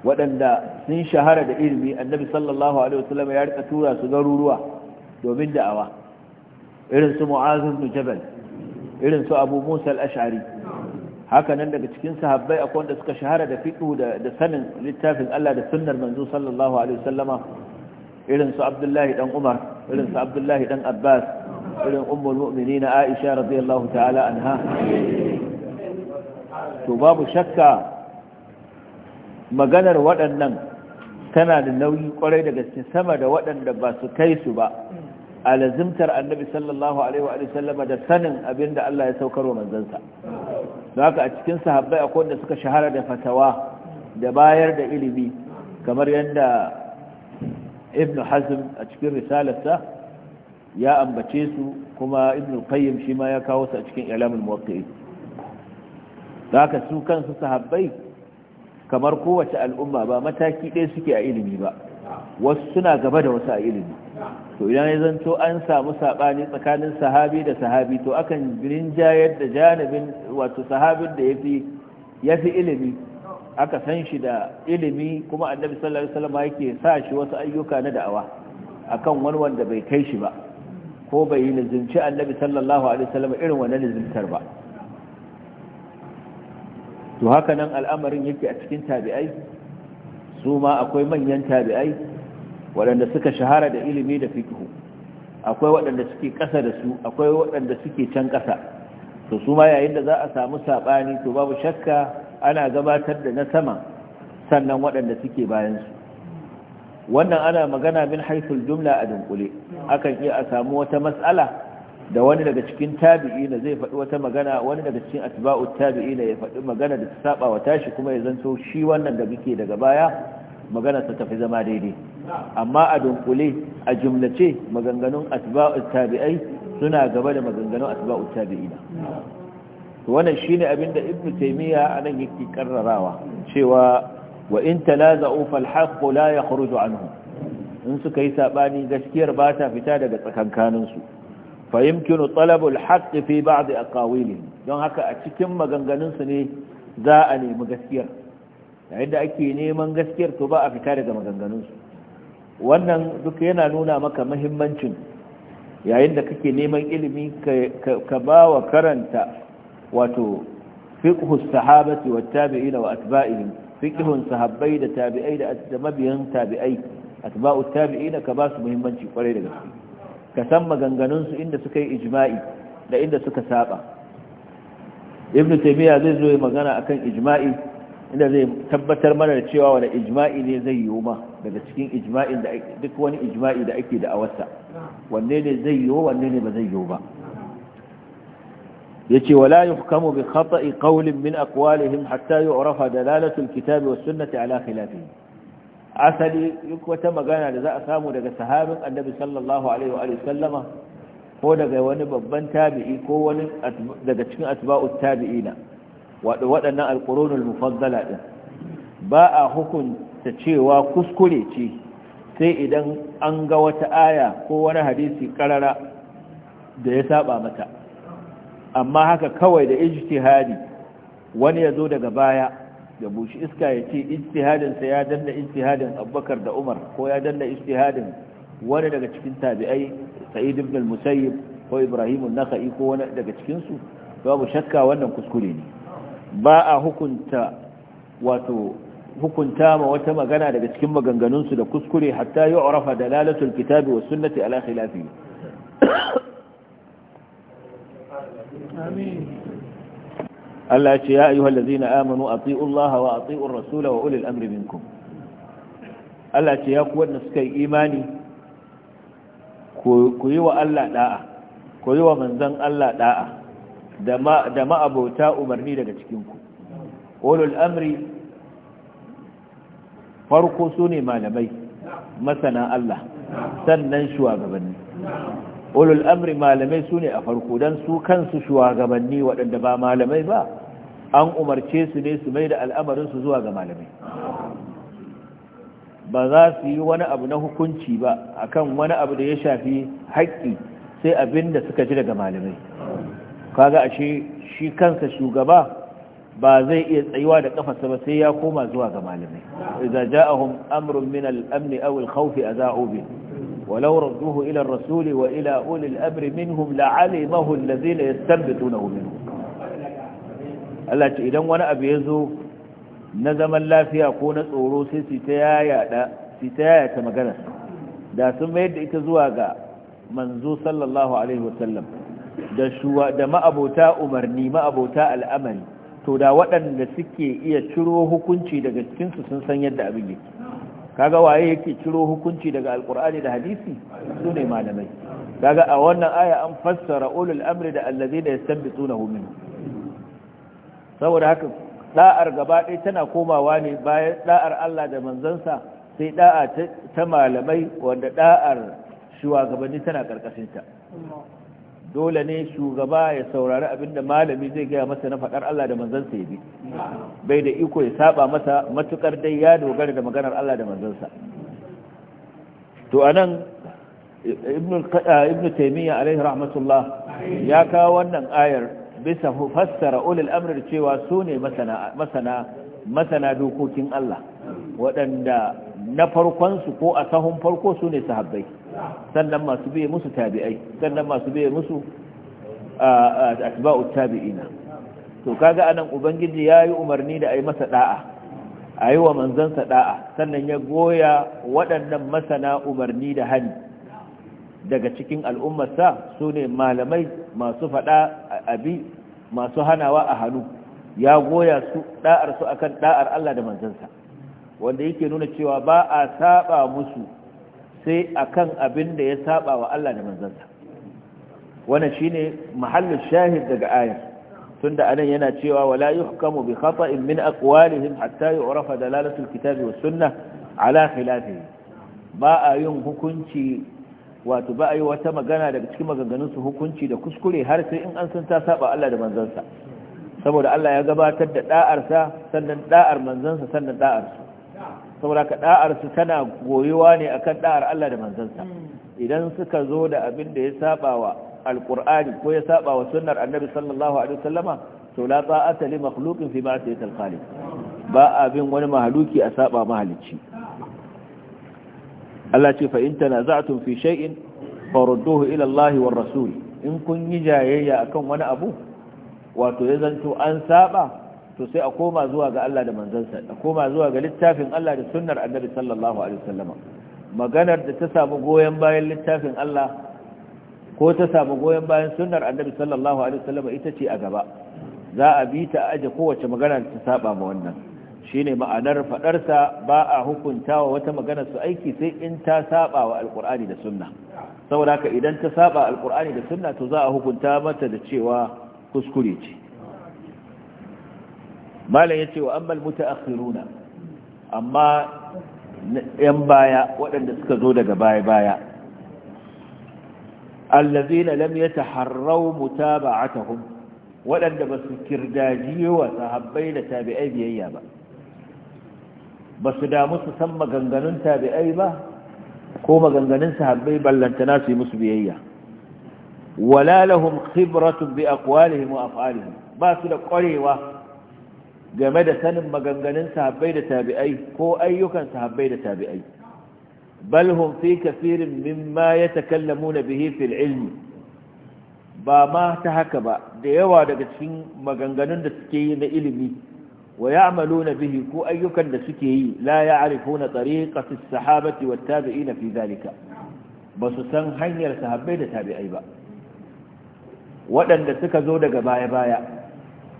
waɗanda sun shahara da ilimi annabi sallallahu alaihi wasallam ya rika tura su garuruwa domin da'awa irin su mu'az ibn jabal irin su abu musa al-ash'ari haka nan daga cikin sahabbai akwai wanda suka shahara da fiqh da sanin littafin Allah da sunnar manzo sallallahu alaihi wasallama irin su abdullahi dan umar irin su abdullahi dan abbas irin ummul mu'minin aisha radiyallahu ta'ala anha to babu shakka maganar waɗannan tana da nauyi kwarai da gaske sama da waɗanda ba su kai su ba a lazimtar annabi sallallahu alaihi wa sallama da sanin abin da Allah ya saukar wa manzansa da haka a cikin sahabbai akwai wanda suka shahara da fatawa da bayar da ilimi kamar yadda ibn hazm a cikin risalarsa ya ambace su kuma ibn qayyim shi ma ya kawo su a cikin ilamul muwaqqi'in haka su kansu sahabbai kamar kowace al'umma ba mataki ɗaya suke a ilimi ba wasu suna gaba da wasu a ilimi to idan ya zanto an samu saɓani tsakanin sahabi da sahabi to akan jayar da janibin wato sahabin da ya fi ilimi aka san shi da ilimi kuma annabi sallallahu alaihi wasallam yake sa shi wasu ayyuka na da'awa akan wani wanda bai kai shi ba ko bai yi lizinci annabi sallallahu alaihi wasallam irin wannan lizintar ba to haka nan al'amarin yake a cikin tabi'ai su ma akwai manyan tabi'ai waɗanda suka shahara da ilimi da fiqh akwai waɗanda suke ƙasa da su akwai waɗanda suke can ƙasa to su ma yayin da za a samu saɓani to babu shakka ana gabatar da na sama sannan waɗanda suke bayansu wannan ana magana min haifin jumla a dunkule akan iya a samu wata matsala da wani daga cikin tabi'i na zai faɗi wata magana wani daga cikin atba'u tabi'i na ya faɗi magana da ta saba wa tashi kuma ya zanto shi wannan da muke daga baya magana ta tafi zama daidai amma a dunkule a jumlace maganganun atba'u tabi'ai suna gaba da maganganun asba'ut tabi'ina to wannan shine abinda ibnu a anan yake karrarawa cewa wa in tanaza'u fal haqq la yakhruju anhum in suka yi sabani gaskiyar ba ta fita daga tsakankanin su fa yumkinu talabu al haqq fi ba'd aqawilihim don haka a cikin maganganun su ne za a nemi gaskiyar yayin da ake neman gaskiyar to ba a fita daga maganganun su wannan duk yana nuna maka muhimmancin yayin da kake neman ilimi ka ba wa karanta wato fiqhus sahabati wa tabi'ina wa atba'ihim fiqhun sahabbai da tabi'ai da mabiyan tabi'ai atba'u tabi'ina ka ba su muhimmanci kwarai da gaske ka san maganganun su inda suka yi ijma'i da inda suka saba ibn taymiya zai zo ya magana akan ijma'i inda zai tabbatar mana da cewa wani ijma'i ne zai yiwu ma daga cikin ijma'in da duk wani ijma'i da ake da awarsa wanne ne zai yiwu wanne ne ba zai yiwu ba yace wala yuhkamu bi khata'i qawlin min aqwalihim hatta yu'rafa dalalatu alkitabi was sunnati ala khilafihi asali wata magana da za a samu daga sahabin annabi sallallahu alaihi wa alihi sallama ko daga wani babban tabi'i ko wani daga cikin atba'ut tabi'ina wato waɗannan alqurunul mufaddala din ba a hukunta cewa kuskure ce sai idan an ga wata aya ko wani hadisi karara da ya saba mata amma haka kawai da ijtihadi wani ya zo daga baya ya bushi iska ya ce sa ya danna ijtihadin abubakar da umar ko ya danna ijtihadin wani daga cikin tabi'ai sa'id ibn al-musayyib ko ibrahim an-nakhai ko wani daga cikin su babu shakka wannan kuskure ne ba a hukunta wato hukunta ma wata magana daga cikin maganganunsu da kuskure hatta yi da dalalatul kitabi wa sunnati ala khilafi amin Allah ya ce ya ayyuhal Aminu a ati'u laha wa ati'u ar-rasul wa ulil amri minkum Allah ce ya ku wanda suka yi imani ku yi wa Allah da'a ku yi wa manzon Allah da'a da ma da umarni daga cikinku. ku amri farko su ne malamai masana Allah sannan shugabanni ulul amri malamai su ne a farko don su kansu shugabanni waɗanda ba malamai ba an umarce su ne su mai da al'amarinsu zuwa ga malamai ba za su yi wani abu na hukunci ba akan wani abu da ya shafi haƙƙi sai abin da suka ji daga malamai kaga ashe shi kansa shugaba ba zai iya tsayuwa da kafarsa ba sai ya koma zuwa ga malamai idza ja'ahum amrun min al-amn aw al-khawf aza'u bi walau radduhu ila ar-rasuli wa ila ulil amri minhum la'alimahu alladhina yastanbitunahu minhum Allah ce idan wani abu ya zo na zaman lafiya ko na tsoro sai su ta yayata su ta yayata magana da sun mayar da ita zuwa ga manzo sallallahu alaihi wasallam da shuwa da ma'abota umarni ma'abota al'amari to da waɗanda suke iya ciro hukunci daga cikinsu sun san yadda abin yake kaga waye yake ciro hukunci daga alkur'ani da hadisi su ne malamai kaga a wannan aya an fassara ulul amri da allazina na minhu saboda haka da'ar gaba ɗaya tana komawa ne bayan da'ar Allah da manzansa sai da'a ta malamai wanda da'ar shugabanni tana karkashin ta dole ne shugaba ya saurari abinda malami zai gaya masa na faɗar Allah da manzansa ya bi bai da iko ya saba masa matukar dai ya dogara da maganar Allah da manzansa to anan ibn eh, taimiyya alaihi rahmatullah ya kawo wannan ayar bisa fassara ulil amrir cewa su ne masana dokokin Allah waɗanda na farkonsu ko a sahun farko su ne sahabbai sannan masu biye musu tabi'ai sannan masu biye musu atba'u tabi'ina to kaga anan ubangiji yayi umarni da ayi masa da'a ayi wa manzansa da'a sannan ya goya waɗannan masana umarni da hani daga cikin al'ummarsa sa sune malamai masu faɗa abi masu hanawa a hannu ya goya su da'ar su akan da'ar Allah da manzansa wanda yake nuna cewa ba a saba musu sai akan abin da ya saba wa Allah da manzansa wannan shine mahallin shahid daga ayar tunda anan yana cewa wala yuhkamu bi khata'in min aqwalihim hatta yu'rafa dalalatu alkitabi was sunnah ala khilafihi ba a yin hukunci wato ba a yi wata magana daga cikin maganganunsu hukunci da kuskure har sai in an san ta saba Allah da manzansa saboda Allah ya gabatar da da'arsa sannan da'ar manzansa sannan da'arsa saboda ka su tana goyuwa ne akan ɗa'ar Allah da manzansa hmm. idan suka zo da abin da ya saba wa Alƙur'ani ko ya saba wa sunnar annabi sallallahu alaihi wasallama to la ta'ata li makhluqin fi ma'siyati al-khaliq ba abin wani mahaluki a saba mahalicci Allah ce fa in tanaza'tum fi shay'in farudduhu ila Allah wa rasul in kun yi jayayya akan wani abu wato ya zanto an saba to sai a koma zuwa ga Allah da manzansa a koma zuwa ga littafin Allah da sunnar annabi sallallahu alaihi wasallama maganar da ta samu goyen bayan littafin Allah ko ta samu goyen bayan sunnar annabi sallallahu alaihi wasallama ita ce a gaba za a bi ta aje kowace magana ta saba ma wannan shine ma'anar faɗarsa ba a hukuntawa wata magana su aiki sai in ta saba wa alqur'ani da sunna saboda haka idan ta saba alqur'ani da sunna to za a hukunta mata da cewa kuskure ce malam yace wa ammal mutaakhiruna amma yan baya waɗanda suka zo daga baya baya allazina lam yataharraw mutaba'atuhum waɗanda ba su kirdaji wa sahabbai da tabi'ai biyayya ba ba su damu su san maganganun tabi'ai ba ko maganganun sahabbai ballantana su yi musu biyayya wala lahum khibratun bi aqwalihim wa af'alihim ba su da ƙwarewa game da sanin maganganun sahabbai da tabi'ai ko ayyukan sahabbai da tabi'ai bal hum fi kaseerin mimma yatakallamuna bihi fil ilm ba ma ta haka ba da yawa daga cikin maganganun da suke yi na ilimi wa ya'maluna bihi ko ayyukan da suke yi la ya'rifuna tariqati as-sahabati wat tabi'ina fi dhalika ba su san hanyar sahabbai da tabi'ai ba waɗanda suka zo daga baya-baya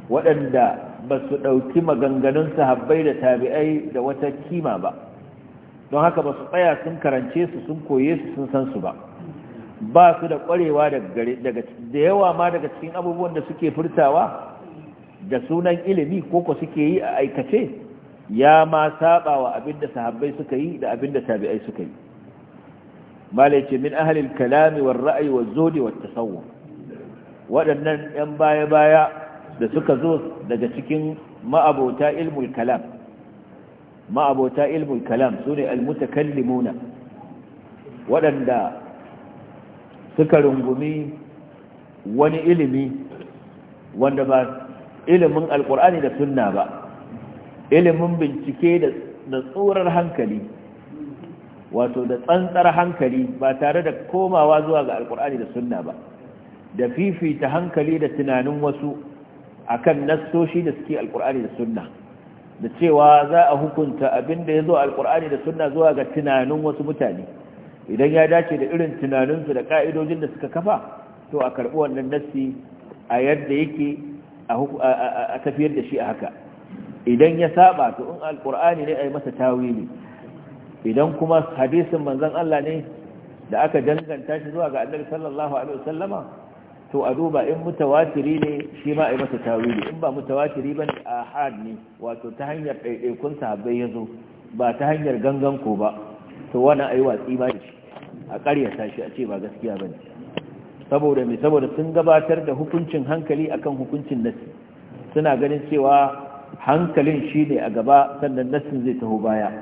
waɗanda ba su ɗauki maganganun sahabbai da tabi'ai da wata kima ba don haka ba su tsaya sun karance su sun koye su sun san su ba ba su da ƙwarewa da yawa ma daga cikin abubuwan da suke furtawa da sunan ilimi ko suke yi a aikace ya ma saba wa abin da sahabbai suka yi da abin da tabi'ai suka yi malai min ahalil kalami ra'ayi wa zodi wa tasawuf waɗannan 'yan baya-baya da suka zo daga cikin ma'abota ilmul kalam ma'abota ilmul kalam su ne almutakallimuna waɗanda suka rungumi wani ilimi wanda ba ilimin Al-ƙur'ani da sunna ba ilimin bincike da tsorar hankali wato da tsantsar hankali ba tare da komawa zuwa ga Al-ƙur'ani da sunna ba da fifita hankali da tunanin wasu akan nassoshi da suke alkur'ani da sunna da cewa za a hukunta abin da ya zo alkur'ani da sunna zuwa ga tunanin wasu mutane idan ya dace da irin tunaninsu da ka'idojin da suka kafa to a karɓi wannan nassi a yadda yake a tafiyar da shi a haka idan ya saba to in alkur'ani ne a yi masa tawili idan kuma hadisin manzon Allah ne da aka danganta shi zuwa ga annabi sallallahu alaihi wasallama to a duba in mutawatiri ne shi ma ai masa tawili in ba mutawatiri a ahad ne wato ta hanyar ɗaiɗaikun sahabbai yazo ba ta hanyar gangan ko ba to wannan ai watsi ba shi a ta shi a ce ba gaskiya bane saboda me saboda sun gabatar da hukuncin hankali akan hukuncin nasi suna ganin cewa hankalin shine a gaba sannan nasin zai taho baya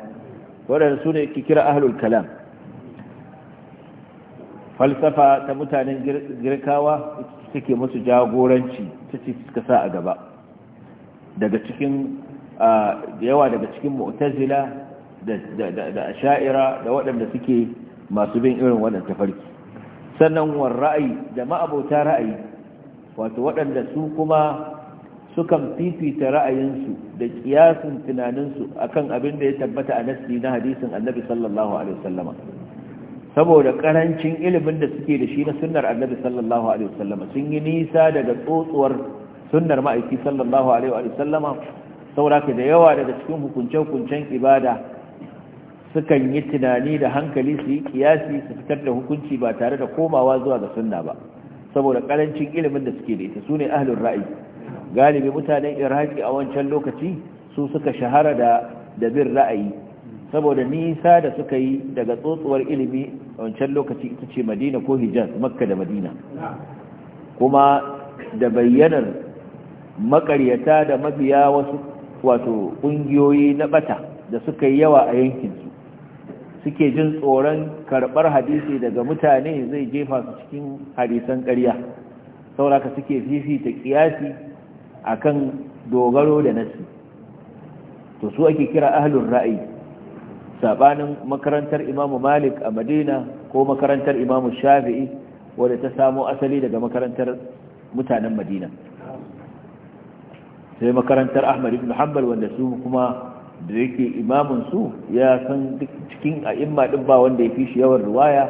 waɗanda su ne ke kira ahlul kalam falsafa ta mutanen girkawa suke musu jagoranci ta ce suka sa a gaba daga cikin da yawa daga cikin mu'tazila da asha'ira da waɗanda suke masu bin irin waɗanda tafarki sannan war ra'ayi da ma'abauta ra'ayi wato waɗanda su kuma sukan fifita ra'ayinsu da kiyasin tunaninsu akan abin da ya tabbata a nassi na hadisin annabi sallallahu alaihi wasallama saboda karancin ilimin da suke da shi na sunnar annabi sallallahu alaihi wasallam sun yi nisa daga tsotsuwar sunnar ma'aiki sallallahu alaihi saboda da yawa daga cikin hukunce-hukuncen ibada sukan yi tunani da hankali su yi kiyasi su fitar da hukunci ba tare da komawa zuwa ga sunna ba saboda karancin ilimin da suke da ita su ne ahlul ra'ayi galibi mutanen iraki a wancan lokaci su suka shahara da da bin ra'ayi saboda nisa da suka yi daga tsotsuwar ilimi a wancan lokaci ita ce madina ko hijaz makka da madina kuma da bayyanar makaryata da mabiya wasu wato ƙungiyoyi na bata da suka yi yawa a yankinsu suke jin tsoron karɓar hadisi daga mutane zai jefa su cikin hadisan ƙarya sauraka suke fifita a kan dogaro da nasi to su ake kira ahlul ra'ayi sabanin makarantar imamu malik a madina ko makarantar imamu shafi'i wadda ta samo asali daga makarantar mutanen madina sai makarantar ahmad ibn hanbal wanda su kuma da yake imamun su ya san cikin a'imma din ba wanda ya fi shi yawan riwaya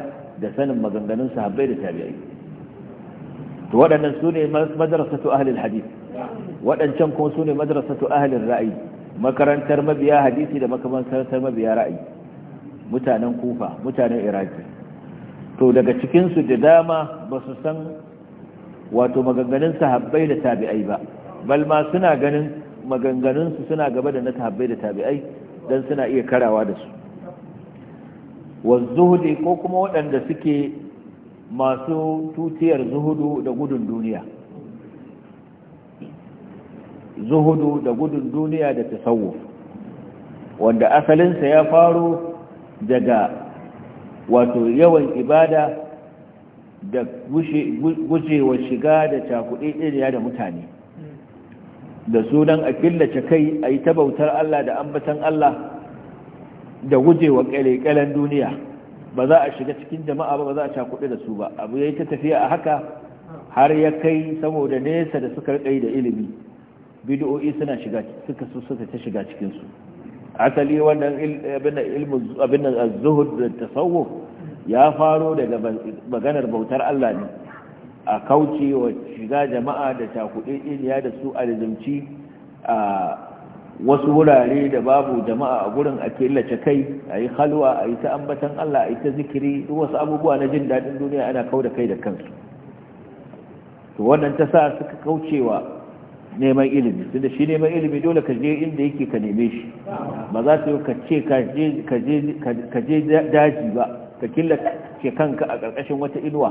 da sanin maganganun sahabbai da tabi'ai to waɗannan su ne madrasatu ahlul hadith waɗancan kuma su ne madrasatu ahlul ra'ayi makarantar mabiya hadisi da makamantar mabiya ra'ayi mutanen kufa mutanen iraki to daga cikinsu da dama ba su san wato maganganun sahabbai da tabi'ai ba balma suna ganin maganganunsu suna gaba da na sahabbai da tabi'ai don suna iya karawa da su zuhudi ko kuma waɗanda suke masu tutiyar zuhudu da gudun duniya zuhudu da gudun duniya da tasawuf wanda asalinsa ya faru daga wato yawan ibada da gujewa shiga da cakuɗe ɗiriya da mutane da sunan a killace kai a yi tabautar Allah da ambatan Allah da gujewa ƙyale duniya ba za a shiga cikin jama'a ba ba za a cakuɗe da su ba abu ya yi ta tafiya a haka har ya kai saboda nesa da suka rikai da ilimi bid'o'i suna shiga suka su suka ta shiga cikin su asali wannan abin ilmu abin zuhud da tasawuf ya faro daga maganar bautar Allah ne a kauce wa shiga jama'a da takuɗe iliya da su alizumci a wasu wurare da babu jama'a a gurin a killace kai a yi halwa a yi ta ambatan Allah a yi ta zikiri wasu abubuwa na jin daɗin duniya ana kau da kai da kansu to wannan ta sa suka kaucewa neman ilimi da shi neman ilimi dole ka je inda yake ka neme shi ba za ta yi ka ce ka je daji ba ka killace kanka a ƙarƙashin wata inuwa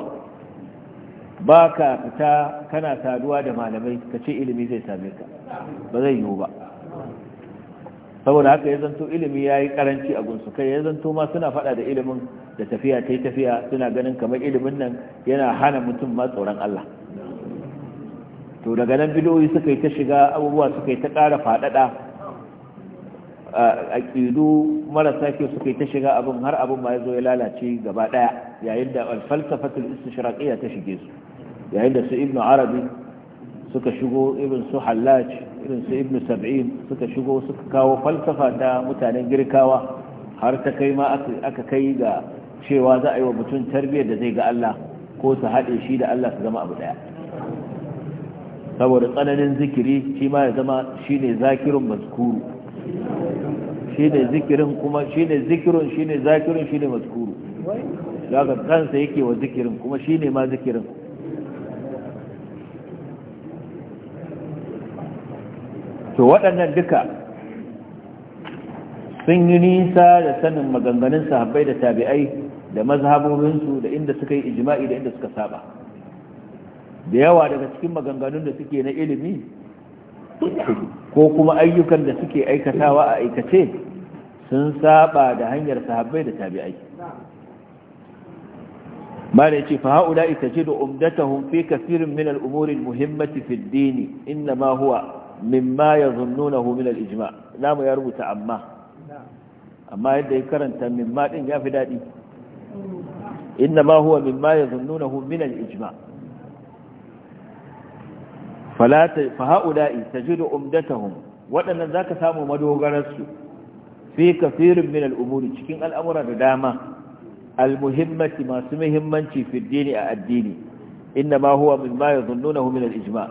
ba ka fita kana saduwa da malamai ka ce ilimi zai same ka ba zai yiwu ba saboda haka ya zanto ilimi ya yi karanci a gunsu kai ya zanto ma suna faɗa da ilimin da tafiya ta yi tafiya suna ganin kamar ilimin nan yana hana mutum ma tsoron Allah to daga nan bidoyi suka yi ta shiga abubuwa suka yi ta ƙara faɗaɗa a ƙidu marasa kyau suka yi ta shiga abin har abin ma ya zo ya lalace gaba ɗaya yayin da alfalsafatul istishraqiya ta shige su yayin da su ibnu arabi suka shigo irin su hallaj irin su ibnu sab'in suka shigo suka kawo falsafa ta mutanen girkawa har ta kai ma aka kai ga cewa za a yi wa mutum tarbiyyar da zai ga Allah ko su haɗe shi da Allah su zama abu ɗaya saboda tsananin zikiri shi ma ya zama shi ne zakirin maskuru shi ne zikirin kuma shi ne zikirin shi ne zakirin shi ne maskuru daga kansa yake wa zikirin kuma shi ne ma zikirin to waɗannan duka sun yi nisa da sanin maganganun sahabbai da tabi'ai da mazhabobinsu da inda suka yi ijima'i da inda suka saba da yawa daga cikin maganganun da suke na ilimi ko kuma ayyukan da suke aikatawa a aikace sun saɓa da hanyar sahabbai da tabi'ai mala yace fa haula ita ce da umdatuhum fi kaseerin min al-umuri al-muhimmati fi ad-din inna ma huwa mimma yadhunnunahu min al-ijma la mu yarbuta amma amma yadda ya karanta mimma din ya fi dadi inna ma huwa mimma yadhunnunahu min al-ijma fa ha'ula'i tajidu umdatahum waɗannan zaka samu madogararsu fi kafirin min al'umuri cikin al'amura da dama al masu muhimmanci fi dini a addini inna ma huwa min ma yadhunnunahu min al-ijma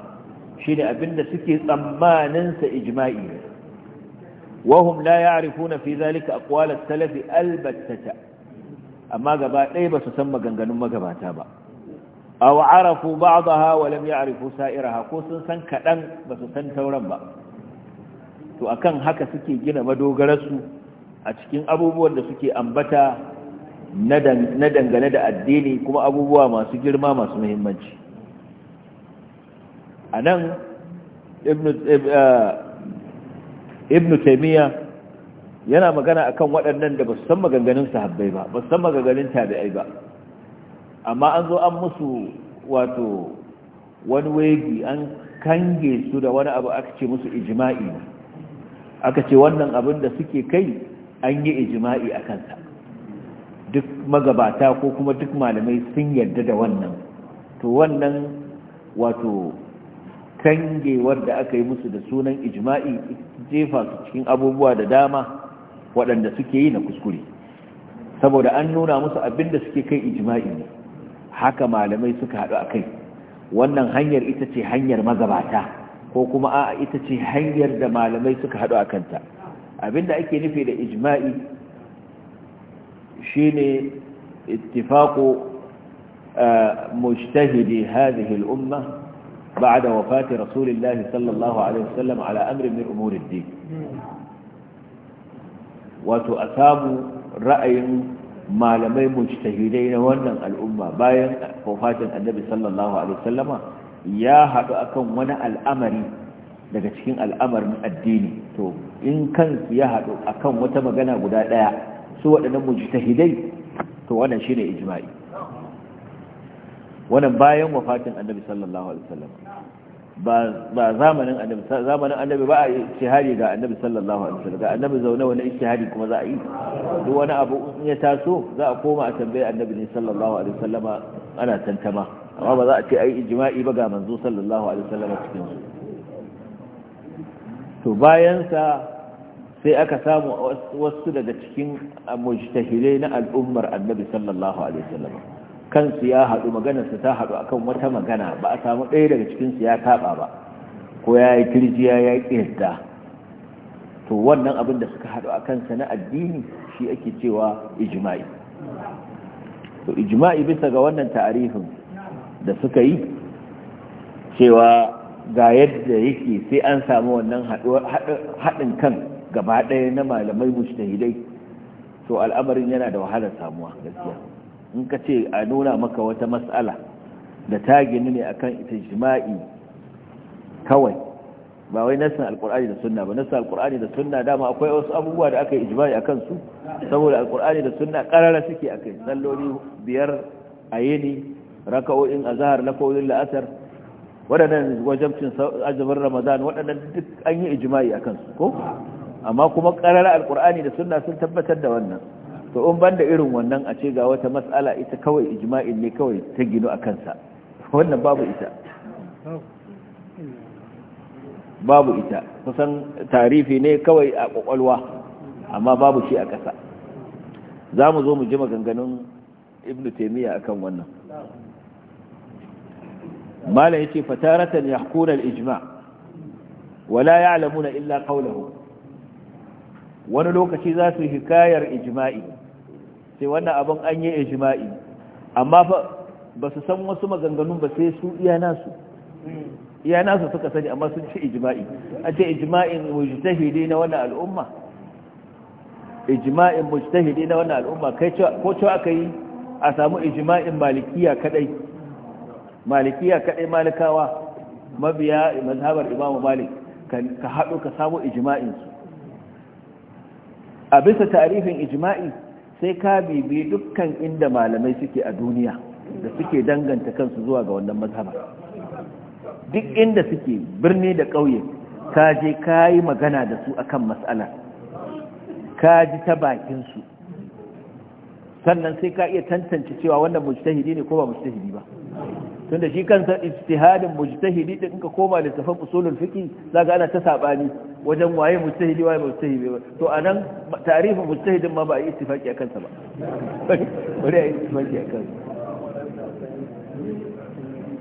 shine abinda suke tsammanin sa ijma'i ne wahum la ya'rifuna fi a aqwal as-salaf albattata amma gaba ɗaya basu san maganganun magabata ba aw arafu ba'daha wa lam ya'rifu sa'iraha ko sun san kadan ba su san tauran ba to akan haka suke gina madogararsu a cikin abubuwan da suke ambata na dangane da addini kuma abubuwa masu girma masu muhimmanci a nan ibn yana magana akan waɗannan da ba su san maganganun sahabbai ba ba su san maganganun tabi'ai ba amma an zo an musu wato wani wegi an kange su da wani abu aka ce musu ijima'i aka ce wannan abin da suke kai an yi ijima'i a kansa duk magabata ko kuma duk malamai sun yarda da wannan to wannan wato kangewar da aka yi musu da sunan ijima'i jefa su cikin abubuwa da dama waɗanda suke yi na kuskure saboda an nuna musu abin da suke kai ijima'i ne haka malamai suka haɗu a kai wannan hanyar ita ce hanyar magabata ko kuma a ita ce hanyar da malamai suka haɗu a kanta abinda ake nufi da ijma'i shine ittifaqu mujtahidi hadhihi al-umma ba'da wafati rasulillah sallallahu alaihi wasallam ala amri min umuri wato a samu ra'ayin malamai mujtahidai na wannan al'umma bayan wafatin annabi sallallahu alaihi wasallama ya haɗu akan wani al'amari daga cikin al'amarin addini to in kansu ya haɗu akan wata magana guda ɗaya su waɗannan mujtahidai to wannan shine ijma'i wannan bayan wafatin annabi sallallahu alaihi wasallama ba zamanin annabi zamanin annabi ba a ishihari ga annabi sallallahu alaihi wasallam ga annabi zaune wani ishihari kuma za a yi duk wani abu in ya taso za a koma a tambaye annabi ne sallallahu alaihi wasallama ana tantama amma ba za a ce ai ijma'i ba ga manzo sallallahu alaihi wasallama cikin su to bayan sa sai aka samu wasu daga cikin mujtahidai na al'ummar annabi sallallahu alaihi wasallama kansu ya haɗu maganarsa ta haɗu akan wata magana ba a samu ɗaya daga cikinsu ya taɓa ba ko ya yi kirjiya ya ƙirda to wannan abin da suka haɗu a kansa na addini shi ake cewa ijma'i to ijma'i bisa ga wannan ta'arifin da suka yi cewa ga yadda yake sai an samu wannan haɗin kan gaba ɗaya na malamai mujtahidai to al'amarin yana da wahalar samuwa gaskiya in ka ce a nuna maka wata matsala da ta gini ne akan ita jima'i kawai ba wai nassin alkur'ani da sunna ba nassin alkur'ani da sunna dama akwai wasu abubuwa da aka yi jima'i a kansu. saboda alkur'ani da sunna karara suke a kai salloli biyar a yini raka'o'in a na kowin la'asar waɗannan wajabcin azumin ramadan waɗannan duk an yi ijma'i a kansu ko amma kuma karara alkur'ani da sunna sun tabbatar da wannan to in banda irin wannan a ce ga wata matsala ita kawai ijma'in ne kawai ta gino a kansa wannan babu ita babu ita kusan tarifi ne kawai a ƙwaƙwalwa, amma babu shi a ƙasa za mu zo mu ji maganganun ibn taimiyya kan wannan mala ya ce fataratan ya kunan ijma wala ya alamuna illa kaunahu wani lokaci za su yi hikayar ijma'i sai wannan abin an yi ijma'i amma fa ba su san wasu maganganun ba sai su iya nasu iya nasu suka sani amma sun ce ijma'i a ce ijma'in mujtahidi na wannan al'umma ijma'in mujtahidi na wannan al'umma kai ko cewa aka yi a samu ijma'in malikiya kadai malikiya kadai malikawa mabiya mazhabar imamu malik ka hadu ka samu su a bisa tarihin ijma'i sai ka bibi dukkan inda malamai suke a duniya da suke danganta kansu zuwa ga wannan mazhaba duk inda suke birni da ƙauye ka je ka yi magana da su akan matsala ka ji ta bakinsu sannan sai ka iya tantance cewa wannan mujtahidi ne ko ba mujtahidi ba tunda shi kansa ijtihadin mujtahidi din ka koma littafin usulul fiqi zaka ana ta sabani wajen waye mujtahidi waye mujtahidi to anan ta'rifin mujtahidin ma ba yi ittifaki akan sa ba bari yi ittifaki akan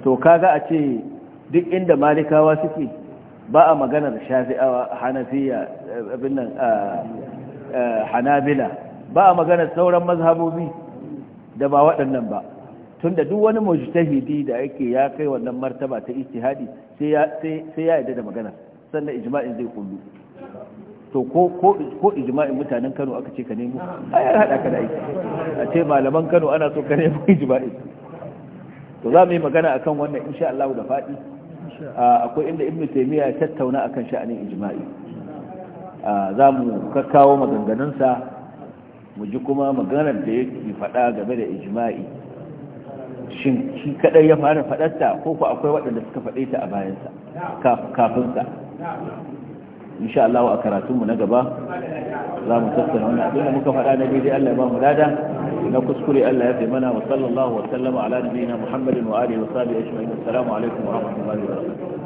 to kaga a ce duk inda malikawa suke ba a maganar shafi'awa hanafiya abin nan hanabila ba a maganar sauran mazhabobi da ba waɗannan ba tunda duk wani mujtahidi da yake ya kai wannan martaba ta ijtihadi sai ya sai ya yarda da magana sannan ijma'in zai kullu to ko ko ko ijma'in mutanen Kano aka ce ka nemo ai ya hada ka da aiki a ce malaman Kano ana so ka nemo ijma'in to za mu yi magana akan wannan insha Allah da fadi akwai inda Ibn Taymiyyah ya tattauna akan sha'anin ijma'i za mu kakkawo maganganunsa mu ji kuma maganar da yake faɗa game da ijma'i shin shi kadai ya fara fadarta ko ku akwai waɗanda suka faɗe ta a bayansa sa insha Allah a karatunmu na gaba za mu tattauna wannan abin da muka faɗa na daidai Allah ya ba mu dada na kuskure Allah ya taimana wa sallallahu wa sallama ala nabiyina Muhammadin wa alihi wa sahbihi ajma'in assalamu alaikum wa rahmatullahi wa barakatuh